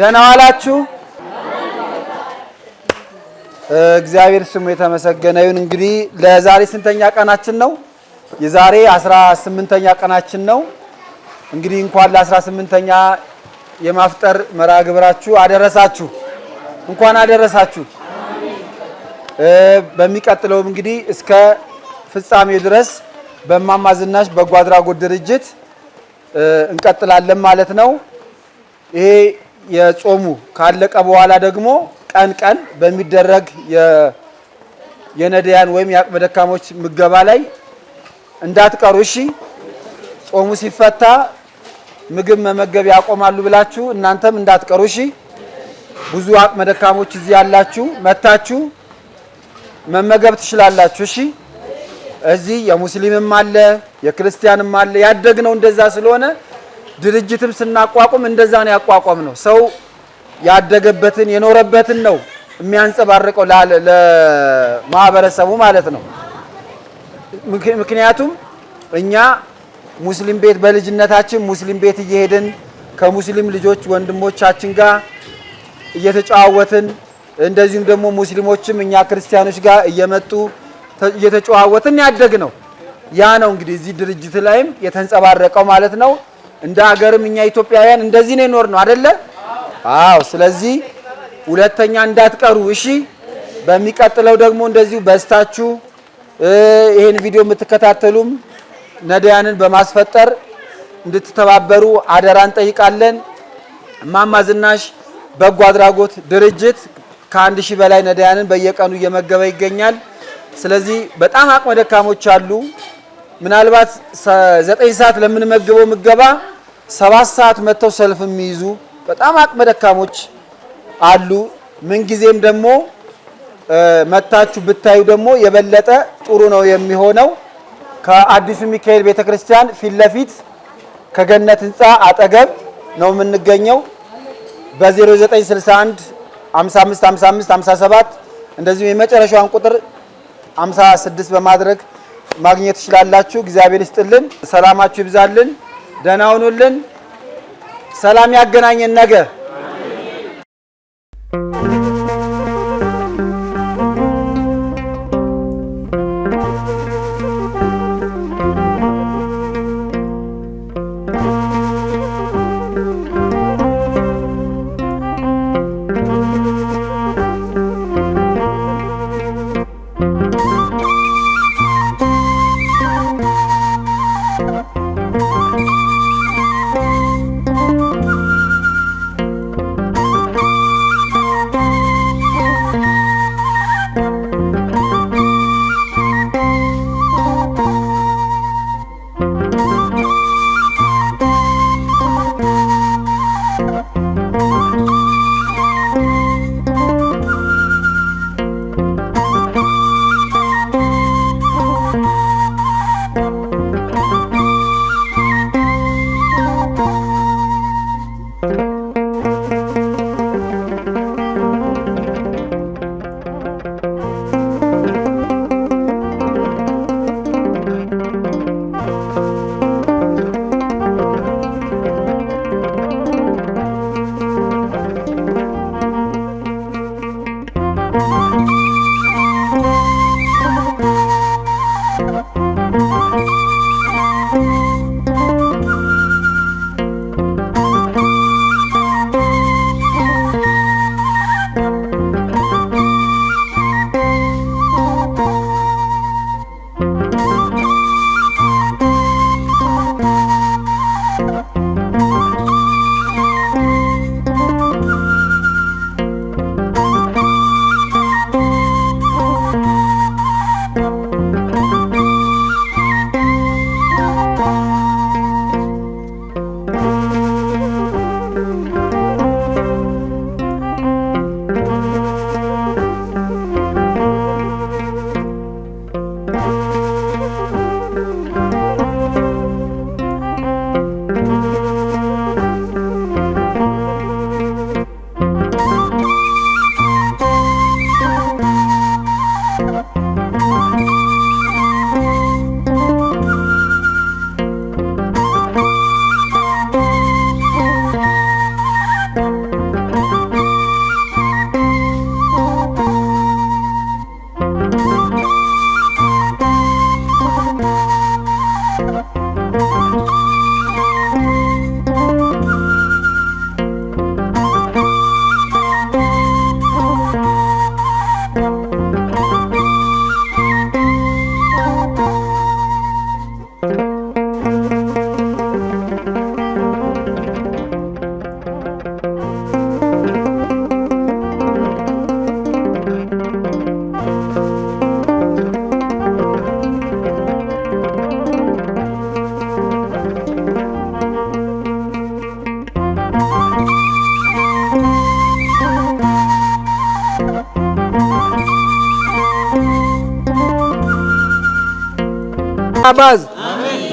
ደህና ዋላችሁ። እግዚአብሔር ስሙ የተመሰገነ ይሁን። እንግዲህ ለዛሬ ስንተኛ ቀናችን ነው? የዛሬ 18ኛ ቀናችን ነው። እንግዲህ እንኳን ለ18ኛ የማፍጠር መርሃ ግብራችሁ አደረሳችሁ። እንኳን አደረሳችሁ። በሚቀጥለውም እንግዲህ እስከ ፍጻሜ ድረስ በእማማ ዝናሽ በጎ አድራጎት ድርጅት እንቀጥላለን ማለት ነው። ይሄ የጾሙ ካለቀ በኋላ ደግሞ ቀን ቀን በሚደረግ የነዳያን ወይም የአቅመ ደካሞች ምገባ ላይ እንዳትቀሩ። እሺ፣ ጾሙ ሲፈታ ምግብ መመገብ ያቆማሉ ብላችሁ እናንተም እንዳትቀሩ። እሺ፣ ብዙ አቅመ ደካሞች እዚህ ያላችሁ መታችሁ መመገብ ትችላላችሁ። እሺ፣ እዚህ የሙስሊምም አለ የክርስቲያንም አለ። ያደግነው እንደዛ ስለሆነ ድርጅትም ስናቋቁም እንደዛ ነው ያቋቋም ነው። ሰው ያደገበትን የኖረበትን ነው የሚያንጸባርቀው ለማህበረሰቡ ማለት ነው። ምክንያቱም እኛ ሙስሊም ቤት በልጅነታችን ሙስሊም ቤት እየሄድን ከሙስሊም ልጆች ወንድሞቻችን ጋር እየተጨዋወትን እንደዚሁም ደግሞ ሙስሊሞችም እኛ ክርስቲያኖች ጋር እየመጡ እየተጨዋወትን ያደግ ነው። ያ ነው እንግዲህ እዚህ ድርጅት ላይም የተንጸባረቀው ማለት ነው። እንደ ሀገርም እኛ ኢትዮጵያውያን እንደዚህ ነው የኖር ነው አይደለ? አዎ። ስለዚህ ሁለተኛ እንዳትቀሩ እሺ። በሚቀጥለው ደግሞ እንደዚሁ በስታችሁ ይሄን ቪዲዮ የምትከታተሉም ነዳያንን በማስፈጠር እንድትተባበሩ አደራ እንጠይቃለን። እማማ ዝናሽ በጎ አድራጎት ድርጅት ከአንድ ሺህ በላይ ነዳያንን በየቀኑ እየመገበ ይገኛል። ስለዚህ በጣም አቅመ ደካሞች አሉ። ምናልባት ዘጠኝ ሰዓት ለምንመግበው ምገባ ሰባት ሰዓት መጥተው ሰልፍ የሚይዙ በጣም አቅመ ደካሞች አሉ። ምንጊዜም ደግሞ መታችሁ ብታዩ ደግሞ የበለጠ ጥሩ ነው የሚሆነው። ከአዲሱ ሚካኤል ቤተክርስቲያን ፊት ለፊት ከገነት ህንፃ አጠገብ ነው የምንገኘው። በ0961 55 እንደዚሁም የመጨረሻዋን ቁጥር 56 በማድረግ ማግኘት ትችላላችሁ። እግዚአብሔር ይስጥልን፣ ሰላማችሁ ይብዛልን። ደህና ሁኑልን። ሰላም ያገናኘን ነገ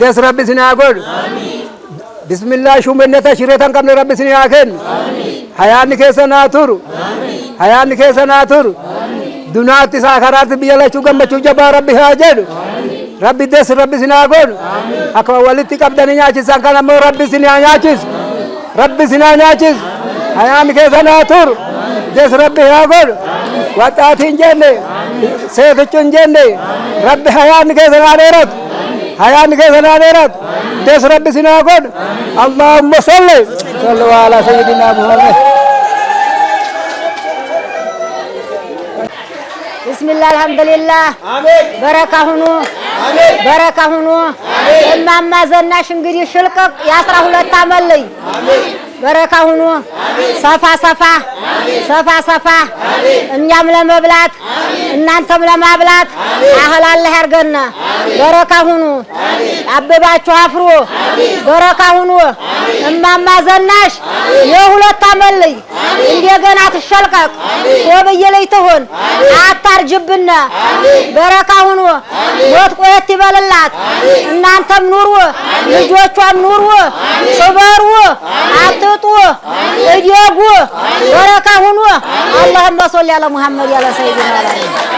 ደስ ረቢ ያጎል ብስምላ ሹመነታ ሽሬታን ቀምነ ረቢ ያከን ሀያን ከሰናቱር ሀያን ከሰናቱር ዱናት ሳከራት ብያላችሁ ገመቹ ጀባ ረቢ ሀጀድ ረቢ ደስ ረቢ ስናጎን አከባ ወልቲ ቀብደንኛችስ አንካናሞ ረቢ ስናኛችስ ረቢ ስናኛችስ ሀያን ከሰናቱር ደስ ረቢ ያጎል ወጣት እንጀኔ ሴቶቹ እንጀኔ ረቢ ሀያን ከሰናደረት ሀያን ከይፈናኔራት ደስ ረድ ሲናኮን አላሁመ ሰለይ ሰለዋ አላ ሰይድና ሙሐመድ ብስሚላ አልሐምዱሊላህ በረካ ሁኑ በረካ ሁኑ። እማማ ዘናሽ እንግዲህ ሽልቅቅ የአስራ ሁለት አመት ልይ በረካ ሁኑ። ሰፋ ሰፋ ሰፋ ሰፋ እኛም ለመብላት እናንተም ለማብላት አህል ያርገና። በረካ ሁኑ፣ አብባችሁ አፍሩ። በረካ ሁኑ። እማማ ዘናሽ የሁለት አመት ልጅ እንደገና ትሸልቀቅ ሶብዬ ላይ ትሁን አታርጅብና። በረካ ሁኑ። ሞት ቆየት ይበልላት። እናንተም ኑሩ፣ ልጆቿም ኑሩ። ቅበሩ፣ አትጡ፣ እደጉ። በረካ ሁኑ። አላህም ሶሊ ያለ ሙሐመድ ያለ ሰይድና